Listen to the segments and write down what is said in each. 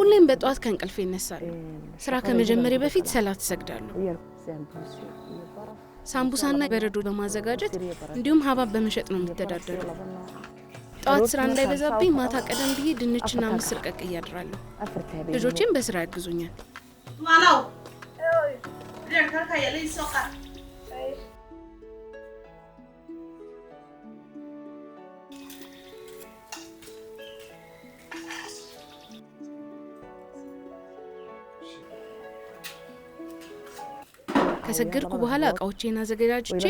ሁሌም በጠዋት ከእንቅልፍ ይነሳሉ። ስራ ከመጀመሬ በፊት ሰላት ይሰግዳሉ። ሳምቡሳና በረዶ በማዘጋጀት እንዲሁም ሀባብ በመሸጥ ነው የሚተዳደሩ። ጠዋት ስራ እንዳይበዛብኝ ማታ ቀደም ብዬ ድንችና ምስር ቀቅ እያድራለሁ። ልጆቼም በስራ ያግዙኛል። ካመሰገንኩ በኋላ እቃዎቼን አዘገጃጅቼ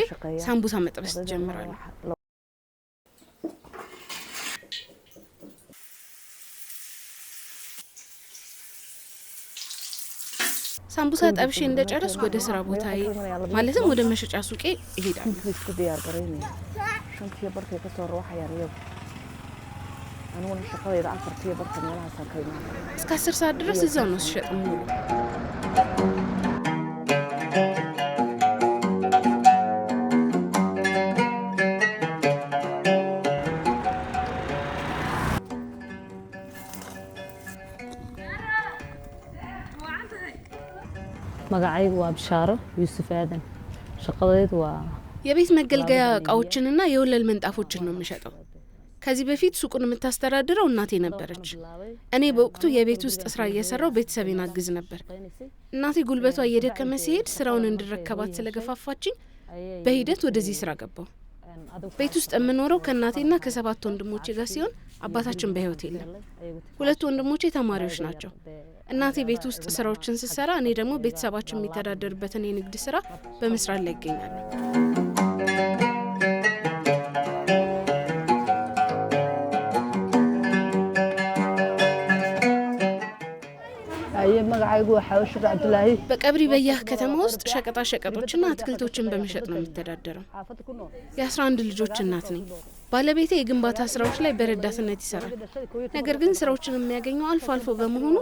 ሳምቡሳ መጥበስ ጀምራለሁ። ሳምቡሳ ጠብሼ እንደጨረስ ወደ ስራ ቦታዬ ማለትም ወደ መሸጫ ሱቄ ይሄዳል። እስከ አስር ሰዓት ድረስ እዛው ነው ሲሸጥ magacaygu waa bishaaro yuusuf aadan shaqadeed የቤት መገልገያ እቃዎችንና የወለል ምንጣፎችን ነው የምሸጠው። ከዚህ በፊት ሱቁን የምታስተዳድረው እናቴ ነበረች። እኔ በወቅቱ የቤት ውስጥ ስራ እየሰራው ቤተሰቤን አግዝ ነበር። እናቴ ጉልበቷ እየደከመ ሲሄድ ስራውን እንድረከባት ስለገፋፋችኝ በሂደት ወደዚህ ስራ ገባው። ቤት ውስጥ የምኖረው ከእናቴና ከሰባት ወንድሞቼ ጋር ሲሆን አባታችን በህይወት የለም። ሁለቱ ወንድሞቼ ተማሪዎች ናቸው። እናቴ ቤት ውስጥ ስራዎችን ስሰራ፣ እኔ ደግሞ ቤተሰባችን የሚተዳደርበትን የንግድ ስራ በመስራት ላይ ይገኛሉ። በቀብሪ በያህ ከተማ ውስጥ ሸቀጣ ሸቀጦችና አትክልቶችን በመሸጥ ነው የሚተዳደረው። የአስራ አንድ ልጆች እናት ነኝ። ባለቤቴ የግንባታ ስራዎች ላይ በረዳትነት ይሰራል። ነገር ግን ስራዎችን የሚያገኘው አልፎ አልፎ በመሆኑ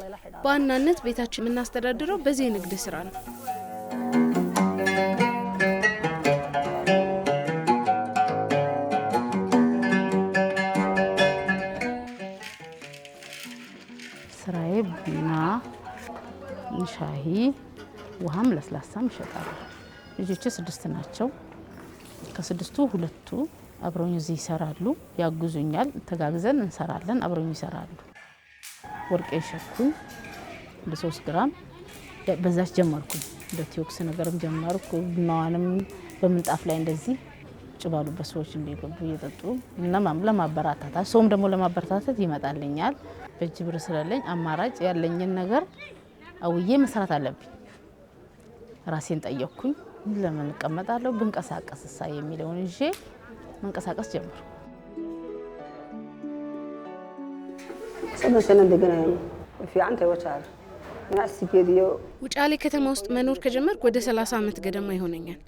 በዋናነት ቤታችን የምናስተዳድረው በዚህ የንግድ ስራ ነው። ስራዬ ቡና፣ ሻሂ፣ ውሃም ለስላሳም ይሸጣሉ። ልጆቼ ስድስት ናቸው። ከስድስቱ ሁለቱ አብረኝ እዚህ ይሰራሉ፣ ያግዙኛል። ተጋግዘን እንሰራለን። አብረኝ ይሰራሉ። ወርቄ ሸኩኝ ለሶስት ግራም በዛች ጀመርኩኝ። ለቲዮክስ ነገርም ጀመርኩ። ቡናዋንም በምንጣፍ ላይ እንደዚህ ቁጭ ባሉበት ሰዎች እንዲገቡ እየጠጡ እና ለማበረታታት ሰውም ደግሞ ለማበረታታት ይመጣልኛል። በእጅ ብር ስለለኝ አማራጭ ያለኝን ነገር አውዬ መስራት አለብኝ። ራሴን ጠየቅኩኝ። ለምን እቀመጣለሁ ብንቀሳቀስሳ የሚለውን ይዤ መንቀሳቀስ ጀመሩ። ውጫሌ ከተማ ውስጥ መኖር ከጀመርኩ ወደ 30 ዓመት ገደማ ይሆነኛል።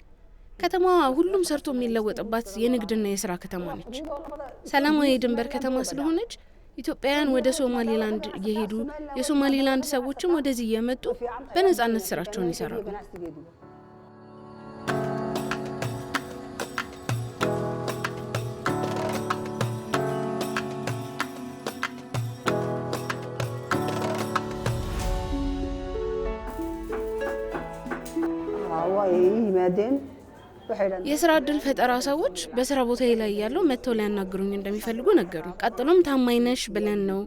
ከተማዋ ሁሉም ሰርቶ የሚለወጥባት የንግድና የስራ ከተማ ነች። ሰላማዊ የድንበር ከተማ ስለሆነች ኢትዮጵያውያን ወደ ሶማሌላንድ እየሄዱ የሶማሌላንድ ሰዎችም ወደዚህ እየመጡ በነጻነት ስራቸውን ይሰራሉ። የስራ እድል ፈጠራ ሰዎች በስራ ቦታ ላይ ያለው መጥተው ሊያናግሩኝ እንደሚፈልጉ ነገሩ። ቀጥሎም ታማኝነሽ ብለን ነው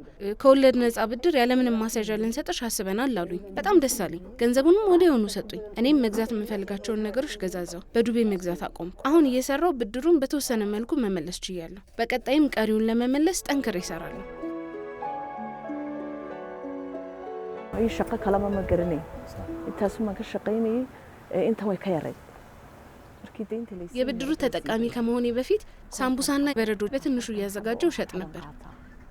ከወለድ ነጻ ብድር ያለምንም ማስያዣ ልንሰጥሽ አስበናል አሉኝ። በጣም ደስ አለኝ። ገንዘቡንም ወደ የሆኑ ሰጡኝ። እኔም መግዛት የምፈልጋቸውን ነገሮች ገዛዛው። በዱቤ መግዛት አቆምኩ። አሁን እየሰራው ብድሩን በተወሰነ መልኩ መመለስ ችያለሁ። በቀጣይም ቀሪውን ለመመለስ ጠንክር ይሰራሉ። ይሸቀ ከላማ መገርኔ የብድሩ ተጠቃሚ ከመሆኔ በፊት ሳምቡሳና በረዶ በትንሹ እያዘጋጀው እሸጥ ነበር።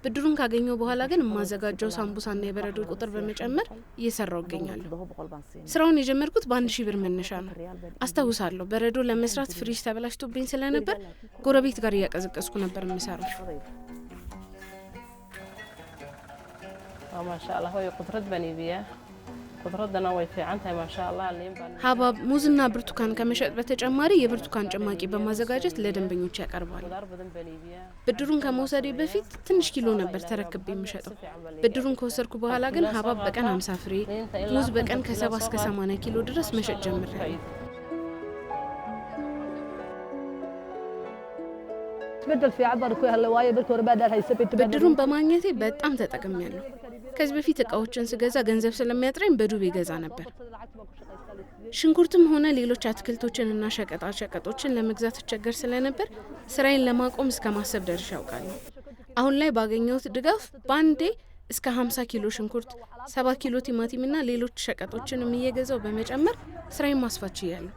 ብድሩን ካገኘው በኋላ ግን የማዘጋጀው ሳምቡሳና የበረዶ ቁጥር በመጨመር እየሰራው እገኛለሁ። ስራውን የጀመርኩት በአንድ ሺህ ብር መነሻ ነው። አስታውሳለሁ በረዶ ለመስራት ፍሪጅ ተበላሽቶብኝ ስለነበር ጎረቤት ጋር እያቀዘቀዝኩ ነበር የምሰራው። ማሻአላህ ሀባብ ሙዝና ብርቱካን ከመሸጥ በተጨማሪ የብርቱካን ጭማቂ በማዘጋጀት ለደንበኞች ያቀርባል። ብድሩን ከመውሰዴ በፊት ትንሽ ኪሎ ነበር ተረክቤ የምሸጠው። ብድሩን ከወሰድኩ በኋላ ግን ሀባብ በቀን ሀምሳ ፍሬ፣ ሙዝ በቀን ከሰባ እስከ ሰማንያ ኪሎ ድረስ መሸጥ ጀምሬያለሁ። ብድሩን በማግኘቴ በጣም ተጠቅሜያለሁ። ከዚህ በፊት እቃዎችን ስገዛ ገንዘብ ስለሚያጥረኝ በዱቤ ይገዛ ነበር። ሽንኩርትም ሆነ ሌሎች አትክልቶችንና ሸቀጣ ሸቀጦችን ለመግዛት እቸገር ስለነበር ስራዬን ለማቆም እስከ ማሰብ ደርሼ አውቃለሁ። አሁን ላይ ባገኘሁት ድጋፍ በአንዴ እስከ 50 ኪሎ ሽንኩርት፣ 70 ኪሎ ቲማቲምና ሌሎች ሸቀጦችንም እየገዛው በመጨመር ስራዬን ማስፋት ችያለሁ።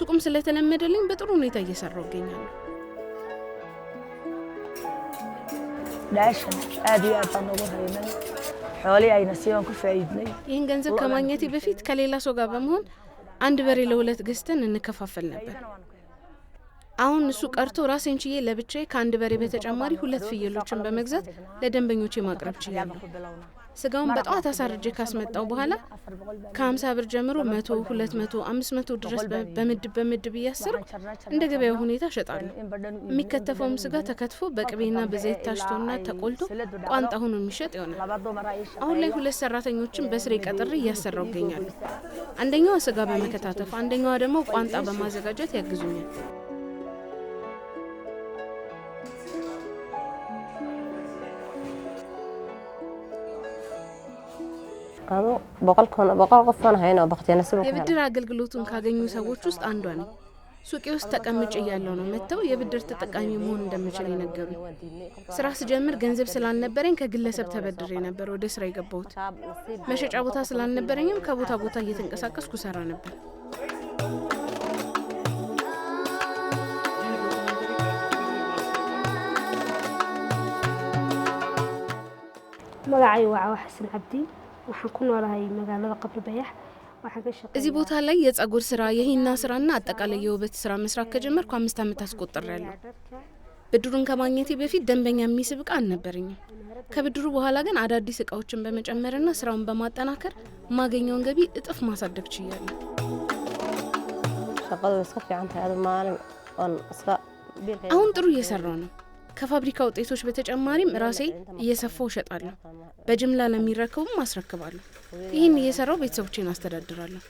ሱቁም ስለተለመደልኝ በጥሩ ሁኔታ እየሰራው ይገኛሉ። ዳሽ ሆሌ አይነሲሆን ኩፈይድነይ ይህን ገንዘብ ከማግኘቴ በፊት ከሌላ ሰው ጋር በመሆን አንድ በሬ ለሁለት ገዝተን እንከፋፈል ነበር። አሁን እሱ ቀርቶ ራሴን ችዬ ለብቻዬ ከአንድ በሬ በተጨማሪ ሁለት ፍየሎችን በመግዛት ለደንበኞቼ ማቅረብ ችያለሁ። ስጋውን በጠዋት አሳርጄ ካስመጣው በኋላ ከሀምሳ ብር ጀምሮ መቶ ሁለት መቶ አምስት መቶ ድረስ በምድብ በምድብ እያሰርኩ እንደ ገበያው ሁኔታ እሸጣለሁ። የሚከተፈውም ስጋ ተከትፎ በቅቤና በዘይት ታሽቶና ተቆልቶ ቋንጣ ሆኖ የሚሸጥ ይሆናል። አሁን ላይ ሁለት ሰራተኞችን በስሬ ቀጥሬ እያሰራው ይገኛሉ። አንደኛዋ ስጋ በመከታተፍ አንደኛዋ ደግሞ ቋንጣ በማዘጋጀት ያግዙኛል። ከሆነ በቀል ሆነ ሀይ ነው የብድር አገልግሎቱን ካገኙ ሰዎች ውስጥ አንዷ ነው። ሱቄ ውስጥ ተቀምጭ እያለው ነው መጥተው የብድር ተጠቃሚ መሆን እንደምችል የነገሩ። ስራ ስጀምር ገንዘብ ስላልነበረኝ ከግለሰብ ተበድሬ ነበር ወደ ስራ የገባሁት። መሸጫ ቦታ ስላልነበረኝም ከቦታ ቦታ እየተንቀሳቀስኩ ሰራ ነበር። መጋዓይ ዋዓ ሐሰን ዓብዲ wuxuu እዚህ ቦታ ላይ የጸጉር ስራ የሂና ስራና አጠቃላይ የውበት ስራ መስራት ከጀመርኩ አምስት ዓመት ያለው ብድሩን ከማግኘቴ በፊት ደንበኛ የሚስብ እቃ አልነበረኝም። ከብድሩ በኋላ ግን አዳዲስ እቃዎችን በመጨመርና ስራውን በማጠናከር ማገኘውን ገቢ እጥፍ ማሳደግ ችያለሁ። አሁን ጥሩ እየሰራው ነው። ከፋብሪካ ውጤቶች በተጨማሪም ራሴ እየሰፋው እሸጣለሁ። በጅምላ ለሚረከቡም አስረክባለሁ። ይህን እየሰራው ቤተሰቦቼን አስተዳድራለሁ።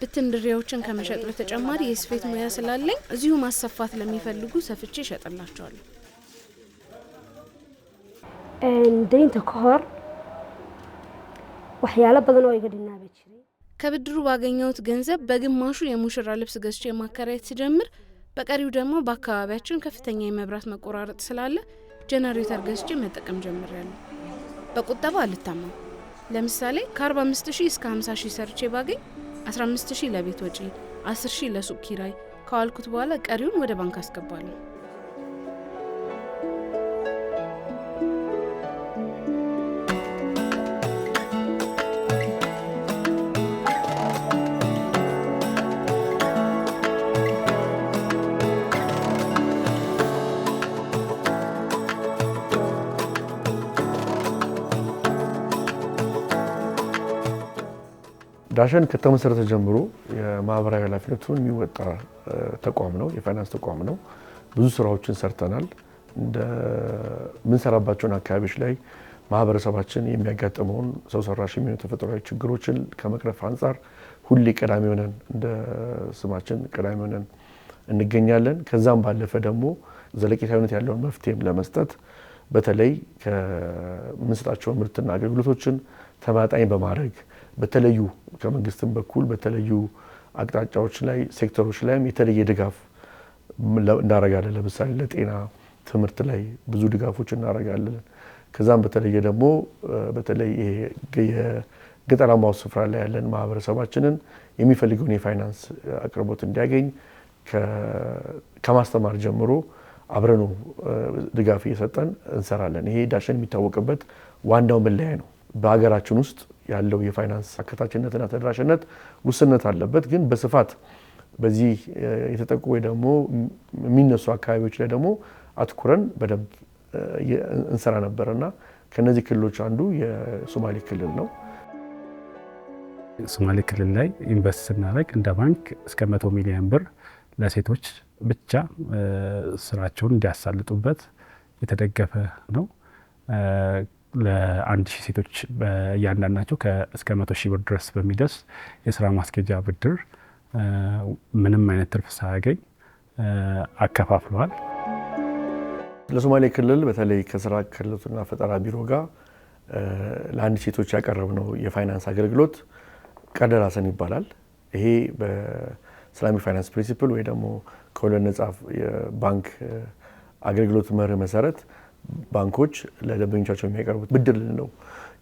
ብትን ድሬዎችን ከመሸጥ በተጨማሪ የስፌት ሙያ ስላለኝ እዚሁ ማሰፋት ለሚፈልጉ ሰፍቼ እሸጥላቸዋለሁ። ከብድሩ ባገኘሁት ገንዘብ በግማሹ የሙሽራ ልብስ ገዝቼ ማከራየት ሲጀምር በቀሪው ደግሞ በአካባቢያችን ከፍተኛ የመብራት መቆራረጥ ስላለ ጀነሬተር ገዝቼ መጠቀም ጀምሬያለሁ። በቁጠባ አልታማም። ለምሳሌ ከ45 ሺህ እስከ 50 ሺህ ሰርቼ ባገኝ 15 ሺህ ለቤት ወጪ፣ 10 ሺህ ለሱቅ ኪራይ ከዋልኩት በኋላ ቀሪውን ወደ ባንክ አስገባለሁ። ዳሸን ከተመሰረተ ጀምሮ የማህበራዊ ኃላፊነቱን የሚወጣ ተቋም ነው፣ የፋይናንስ ተቋም ነው። ብዙ ስራዎችን ሰርተናል። እንደምንሰራባቸውን አካባቢዎች ላይ ማህበረሰባችን የሚያጋጥመውን ሰው ሰራሽ የሚሆኑ ተፈጥሯዊ ችግሮችን ከመቅረፍ አንጻር ሁሌ ቀዳሚ ሆነን እንደ ስማችን ቀዳሚ ሆነን እንገኛለን። ከዛም ባለፈ ደግሞ ዘለቄታዊነት ያለውን መፍትሄም ለመስጠት በተለይ ከምንሰጣቸው ምርትና አገልግሎቶችን ተማጣኝ በማድረግ በተለዩ ከመንግስትም በኩል በተለዩ አቅጣጫዎች ላይ ሴክተሮች ላይም የተለየ ድጋፍ እናረጋለን። ለምሳሌ ለጤና፣ ትምህርት ላይ ብዙ ድጋፎች እናረጋለን። ከዛም በተለየ ደግሞ በተለይ የገጠራማው ስፍራ ላይ ያለን ማህበረሰባችንን የሚፈልገውን የፋይናንስ አቅርቦት እንዲያገኝ ከማስተማር ጀምሮ አብረኑ ድጋፍ እየሰጠን እንሰራለን። ይሄ ዳሸን የሚታወቅበት ዋናው መለያ ነው። በሀገራችን ውስጥ ያለው የፋይናንስ አካታችነትና ተደራሽነት ውስነት አለበት። ግን በስፋት በዚህ የተጠቁ ወይ ደግሞ የሚነሱ አካባቢዎች ላይ ደግሞ አትኩረን በደንብ እንሰራ ነበር እና ከነዚህ ክልሎች አንዱ የሶማሌ ክልል ነው። ሶማሌ ክልል ላይ ኢንቨስት ስናደርግ እንደ ባንክ እስከ መቶ ሚሊዮን ብር ለሴቶች ብቻ ስራቸውን እንዲያሳልጡበት የተደገፈ ነው። ለአንድ ሺህ ሴቶች እያንዳንዳቸው እስከ መቶ ሺህ ብር ድረስ በሚደርስ የስራ ማስኬጃ ብድር ምንም አይነት ትርፍ ሳያገኝ አከፋፍለዋል። ለሶማሌ ክልል በተለይ ከስራ ክህሎትና ፈጠራ ቢሮ ጋር ለአንድ ሴቶች ያቀረብነው የፋይናንስ አገልግሎት ቀደር ሀሰን ይባላል። ይሄ በእስላሚክ ፋይናንስ ፕሪንሲፕል ወይ ደግሞ ከወለድ ነጻ ባንክ አገልግሎት መርህ መሰረት ባንኮች ለደንበኞቻቸው የሚያቀርቡት ብድር ልንለው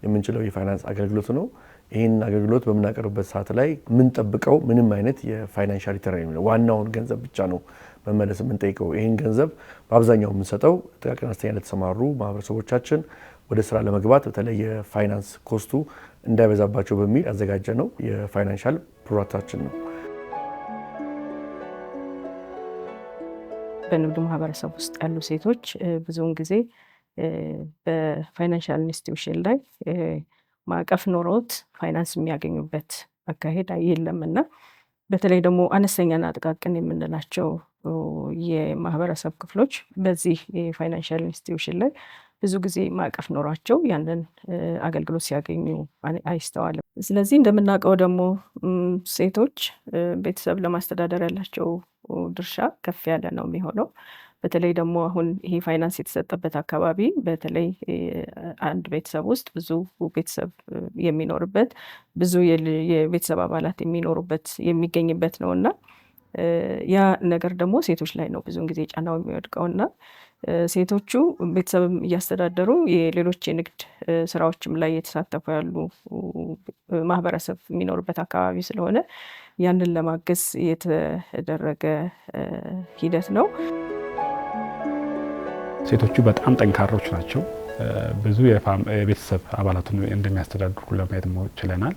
የምንችለው የፋይናንስ አገልግሎት ነው። ይህን አገልግሎት በምናቀርብበት ሰዓት ላይ የምንጠብቀው ምንም አይነት የፋይናንሻል ሪተርን የሚለው ዋናውን ገንዘብ ብቻ ነው መመለስ የምንጠይቀው። ይህን ገንዘብ በአብዛኛው የምንሰጠው ጥቃቅንና አነስተኛ ለተሰማሩ ማህበረሰቦቻችን ወደ ስራ ለመግባት በተለይ የፋይናንስ ኮስቱ እንዳይበዛባቸው በሚል ያዘጋጀ ነው የፋይናንሻል ፕሮዳክታችን ነው። በንግዱ ማህበረሰብ ውስጥ ያሉ ሴቶች ብዙውን ጊዜ በፋይናንሻል ኢንስቲትዩሽን ላይ ማዕቀፍ ኖሮት ፋይናንስ የሚያገኙበት አካሄድ የለም እና በተለይ ደግሞ አነስተኛና ጥቃቅን የምንላቸው የማህበረሰብ ክፍሎች በዚህ የፋይናንሻል ኢንስቲትዩሽን ላይ ብዙ ጊዜ ማዕቀፍ ኖሯቸው ያንን አገልግሎት ሲያገኙ አይስተዋልም። ስለዚህ እንደምናውቀው ደግሞ ሴቶች ቤተሰብ ለማስተዳደር ያላቸው ድርሻ ከፍ ያለ ነው የሚሆነው። በተለይ ደግሞ አሁን ይሄ ፋይናንስ የተሰጠበት አካባቢ በተለይ አንድ ቤተሰብ ውስጥ ብዙ ቤተሰብ የሚኖርበት ብዙ የቤተሰብ አባላት የሚኖሩበት የሚገኝበት ነው እና ያ ነገር ደግሞ ሴቶች ላይ ነው ብዙውን ጊዜ ጫናው የሚወድቀው እና ሴቶቹ ቤተሰብም እያስተዳደሩ የሌሎች የንግድ ስራዎችም ላይ የተሳተፉ ያሉ ማህበረሰብ የሚኖርበት አካባቢ ስለሆነ ያንን ለማገዝ የተደረገ ሂደት ነው። ሴቶቹ በጣም ጠንካሮች ናቸው። ብዙ የቤተሰብ አባላቱን እንደሚያስተዳድሩ ለማየት ችለናል።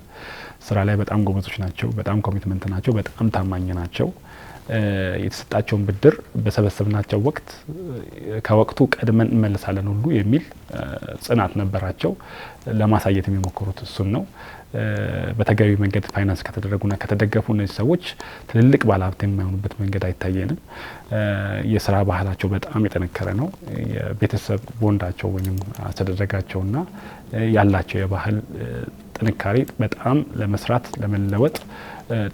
ስራ ላይ በጣም ጎበዞች ናቸው። በጣም ኮሚትመንት ናቸው። በጣም ታማኝ ናቸው። የተሰጣቸውን ብድር በሰበሰብናቸው ወቅት ከወቅቱ ቀድመን እንመልሳለን ሁሉ የሚል ጽናት ነበራቸው። ለማሳየት የሚሞክሩት እሱን ነው። በተገቢ መንገድ ፋይናንስ ከተደረጉና ከተደገፉ እነዚህ ሰዎች ትልልቅ ባለሀብት የማይሆኑበት መንገድ አይታየንም። የስራ ባህላቸው በጣም የጠነከረ ነው። የቤተሰብ ቦንዳቸው ወይም አስተዳደጋቸውና ያላቸው የባህል ጥንካሬ በጣም ለመስራት ለመለወጥ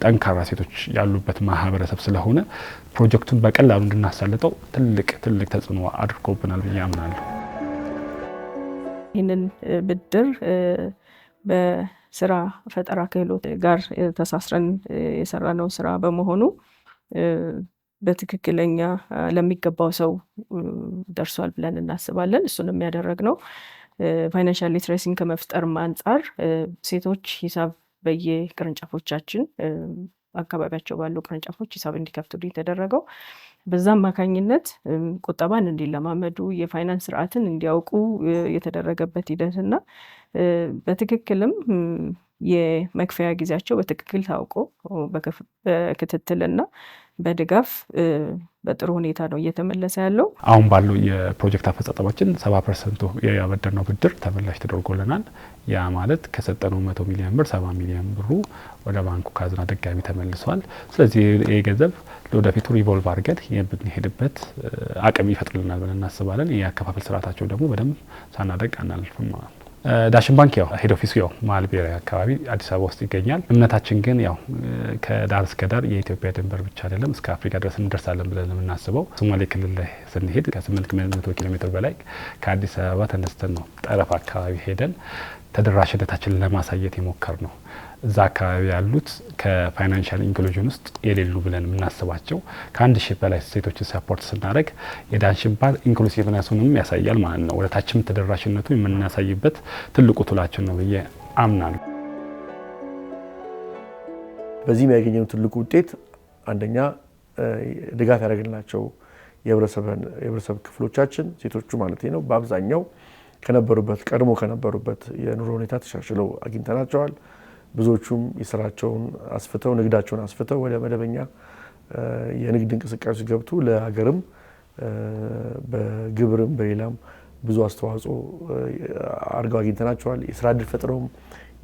ጠንካራ ሴቶች ያሉበት ማህበረሰብ ስለሆነ ፕሮጀክቱን በቀላሉ እንድናሳልጠው ትልቅ ትልቅ ተጽዕኖ አድርጎብናል ብዬ አምናለሁ። ይህንን ብድር በስራ ፈጠራ ክህሎት ጋር ተሳስረን የሰራነው ስራ በመሆኑ በትክክለኛ ለሚገባው ሰው ደርሷል ብለን እናስባለን። እሱንም ያደረግነው ፋይናንሻል ሊትሬሲን ከመፍጠርም አንጻር ሴቶች ሂሳብ በየቅርንጫፎቻችን አካባቢያቸው ባሉ ቅርንጫፎች ሂሳብ እንዲከፍቱልኝ የተደረገው በዛ አማካኝነት ቁጠባን እንዲለማመዱ የፋይናንስ ስርዓትን እንዲያውቁ የተደረገበት ሂደት እና በትክክልም የመክፈያ ጊዜያቸው በትክክል ታውቆ በክትትልና በድጋፍ በጥሩ ሁኔታ ነው እየተመለሰ ያለው። አሁን ባለው የፕሮጀክት አፈጻጸማችን ሰባ ፐርሰንቱ ያበደርነው ብድር ተመላሽ ተደርጎልናል። ያ ማለት ከሰጠነው መቶ ሚሊዮን ብር ሰባ ሚሊዮን ብሩ ወደ ባንኩ ካዝና ድጋሚ ተመልሷል። ስለዚህ ይህ ገንዘብ ለወደፊቱ ሪቮልቭ አድርገን የምንሄድበት አቅም ይፈጥርልናል ብለን እናስባለን። የአከፋፈል ስርዓታቸው ደግሞ በደንብ ሳናደግ አናልፍም ማለት ነው። ዳሽን ባንክ ያው ሄድ ኦፊሱ ያው መሀል ብሔራዊ አካባቢ አዲስ አበባ ውስጥ ይገኛል። እምነታችን ግን ያው ከዳር እስከ ዳር የኢትዮጵያ ድንበር ብቻ አይደለም እስከ አፍሪካ ድረስ እንደርሳለን ብለን የምናስበው ሶማሌ ክልል ላይ ስንሄድ ከ8 መቶ ኪሎ ሜትር በላይ ከአዲስ አበባ ተነስተን ነው ጠረፍ አካባቢ ሄደን ተደራሽነታችን ለማሳየት የሞከር ነው። እዛ አካባቢ ያሉት ከፋይናንሻል ኢንክሉዥን ውስጥ የሌሉ ብለን የምናስባቸው ከአንድ ሺህ በላይ ሴቶችን ሰፖርት ስናደርግ የዳንሽባል ባንክ ያሳያል ማለት ነው። ወደታችም ተደራሽነቱ የምናሳይበት ትልቁ ቱላችን ነው ብዬ አምናለሁ። በዚህም ያገኘነው ትልቁ ውጤት አንደኛ ድጋፍ ያደረግላቸው የህብረተሰብ ክፍሎቻችን ሴቶቹ ማለት ነው በአብዛኛው ከነበሩበት ቀድሞ ከነበሩበት የኑሮ ሁኔታ ተሻሽለው አግኝተናቸዋል። ብዙዎቹም የስራቸውን አስፍተው ንግዳቸውን አስፍተው ወደ መደበኛ የንግድ እንቅስቃሴ ገብቱ ለሀገርም በግብርም በሌላም ብዙ አስተዋጽኦ አድርገው አግኝተናቸዋል። የስራ እድል ፈጥረውም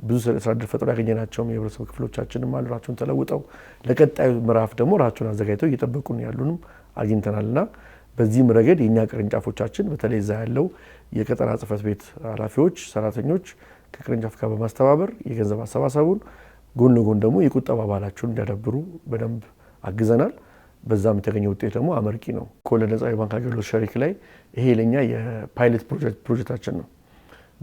ብዙ ስራ እድል ፈጥረው ያገኘናቸውም የህብረተሰብ ክፍሎቻችንም አሉ። ራቸውን ተለውጠው ለቀጣዩ ምዕራፍ ደግሞ ራቸውን አዘጋጅተው እየጠበቁን ያሉንም አግኝተናልና በዚህም ረገድ የእኛ ቅርንጫፎቻችን በተለይ እዛ ያለው የቀጠና ጽህፈት ቤት ኃላፊዎች፣ ሰራተኞች ከቅርንጫፍ ጋር በማስተባበር የገንዘብ አሰባሰቡን ጎን ለጎን ደግሞ የቁጠባ ባህላቸውን እንዲያዳብሩ በደንብ አግዘናል። በዛም የተገኘ ውጤት ደግሞ አመርቂ ነው። ከወለድ ነጻ የባንክ አገልግሎት ሸሪክ ላይ ይሄ ለኛ የፓይለት ፕሮጀክታችን ነው።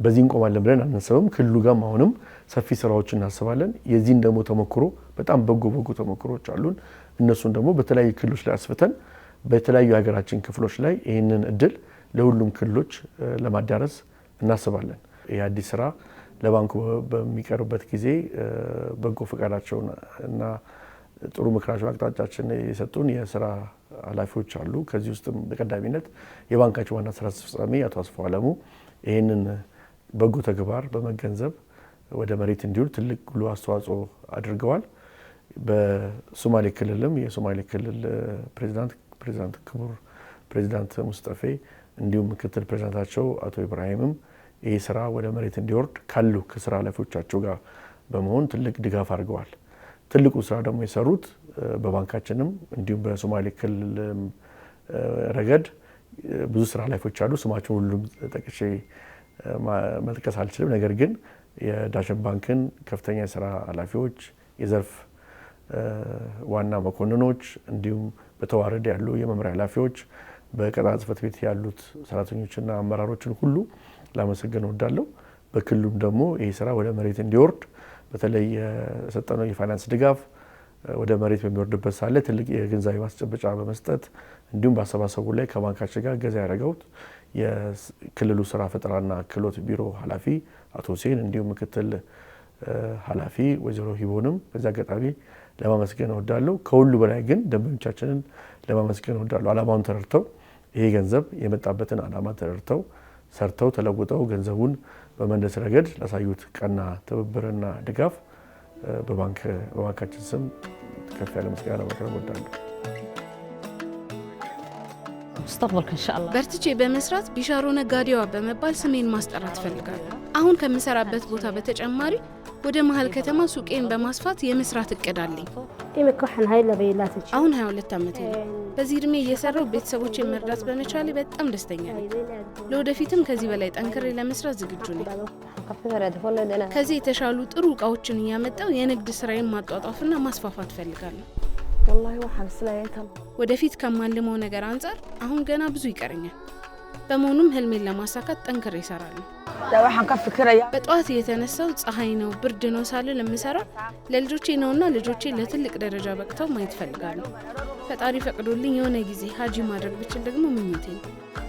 በዚህ እንቆማለን ብለን አናስብም። ክልሉ ጋም አሁንም ሰፊ ስራዎች እናስባለን። የዚህን ደግሞ ተሞክሮ በጣም በጎ በጎ ተሞክሮች አሉን። እነሱን ደግሞ በተለያዩ ክልሎች ላይ አስፍተን በተለያዩ የሀገራችን ክፍሎች ላይ ይህንን እድል ለሁሉም ክልሎች ለማዳረስ እናስባለን። የአዲስ ስራ ለባንኩ በሚቀርብበት ጊዜ በጎ ፈቃዳቸውን እና ጥሩ ምክራቸው አቅጣጫችን የሰጡን የስራ ኃላፊዎች አሉ። ከዚህ ውስጥም በቀዳሚነት የባንካችን ዋና ስራ አስፈጻሚ አቶ አስፋው አለሙ ይህንን በጎ ተግባር በመገንዘብ ወደ መሬት እንዲውል ትልቅ ጉልህ አስተዋጽኦ አድርገዋል። በሶማሌ ክልልም የሶማሌ ክልል ፕሬዚዳንት ፕሬዚዳንት ክቡር ፕሬዚዳንት ሙስጠፌ እንዲሁም ምክትል ፕሬዚዳንታቸው አቶ ኢብራሂምም ይህ ስራ ወደ መሬት እንዲወርድ ካሉ ከስራ ኃላፊዎቻቸው ጋር በመሆን ትልቅ ድጋፍ አድርገዋል። ትልቁ ስራ ደግሞ የሰሩት በባንካችንም እንዲሁም በሶማሌ ክልል ረገድ ብዙ ስራ ኃላፊዎች አሉ። ስማቸውን ሁሉም ጠቅሼ መጥቀስ አልችልም። ነገር ግን የዳሸን ባንክን ከፍተኛ የስራ ኃላፊዎች፣ የዘርፍ ዋና መኮንኖች እንዲሁም በተዋረድ ያሉ የመምሪያ ኃላፊዎች፣ በቀጣና ጽሕፈት ቤት ያሉት ሰራተኞችና አመራሮችን ሁሉ ላመሰገን ወዳለው። በክልሉም ደግሞ ይህ ስራ ወደ መሬት እንዲወርድ በተለይ የሰጠነው የፋይናንስ ድጋፍ ወደ መሬት በሚወርድበት ሳለ ትልቅ የግንዛቤ ማስጨበጫ በመስጠት እንዲሁም በአሰባሰቡ ላይ ከባንካችን ጋር እገዛ ያደረገውት የክልሉ ስራ ፈጠራና ክህሎት ቢሮ ኃላፊ አቶ ሁሴን እንዲሁም ምክትል ኃላፊ ወይዘሮ ሂቦንም በዚህ አጋጣሚ ለማመስገን እወዳለሁ። ከሁሉ በላይ ግን ደንበኞቻችንን ለማመስገን እወዳለሁ። አላማውን ተረድተው ይሄ ገንዘብ የመጣበትን አላማ ተረድተው ሰርተው ተለውጠው ገንዘቡን በመለስ ረገድ ላሳዩት ቀና ትብብርና ድጋፍ በባንካችን ስም ከፍ ያለ ምስጋና ማቅረብ እወዳለሁ። በርትቼ በመስራት ቢሻሮ ነጋዴዋ በመባል ስሜን ማስጠራት እፈልጋለሁ። አሁን ከምሰራበት ቦታ በተጨማሪ ወደ መሀል ከተማ ሱቄን በማስፋት የመስራት እቅድ አለኝ። አሁን 22 ዓመቴ ነው። በዚህ እድሜ እየሰራው ቤተሰቦቼን መርዳት በመቻሌ በጣም ደስተኛ ነኝ። ለወደፊትም ከዚህ በላይ ጠንክሬ ለመስራት ዝግጁ ነኝ። ከዚህ የተሻሉ ጥሩ እቃዎችን እያመጣው የንግድ ስራዬን ማጧጧፍና ማስፋፋት ፈልጋለሁ። ወደፊት ከማልመው ነገር አንጻር አሁን ገና ብዙ ይቀርኛል። በመሆኑም ህልሜን ለማሳካት ጠንክሬ ይሰራለሁ። በጠዋት የተነሳው ፀሐይ ነው ብርድ ነው ሳለ ለምሰራ ለልጆቼ ነውና ልጆቼ ለትልቅ ደረጃ በቅተው ማየት ፈልጋሉ። ፈጣሪ ፈቅዶልኝ የሆነ ጊዜ ሀጂ ማድረግ ብችል ደግሞ ምኞቴ ነው።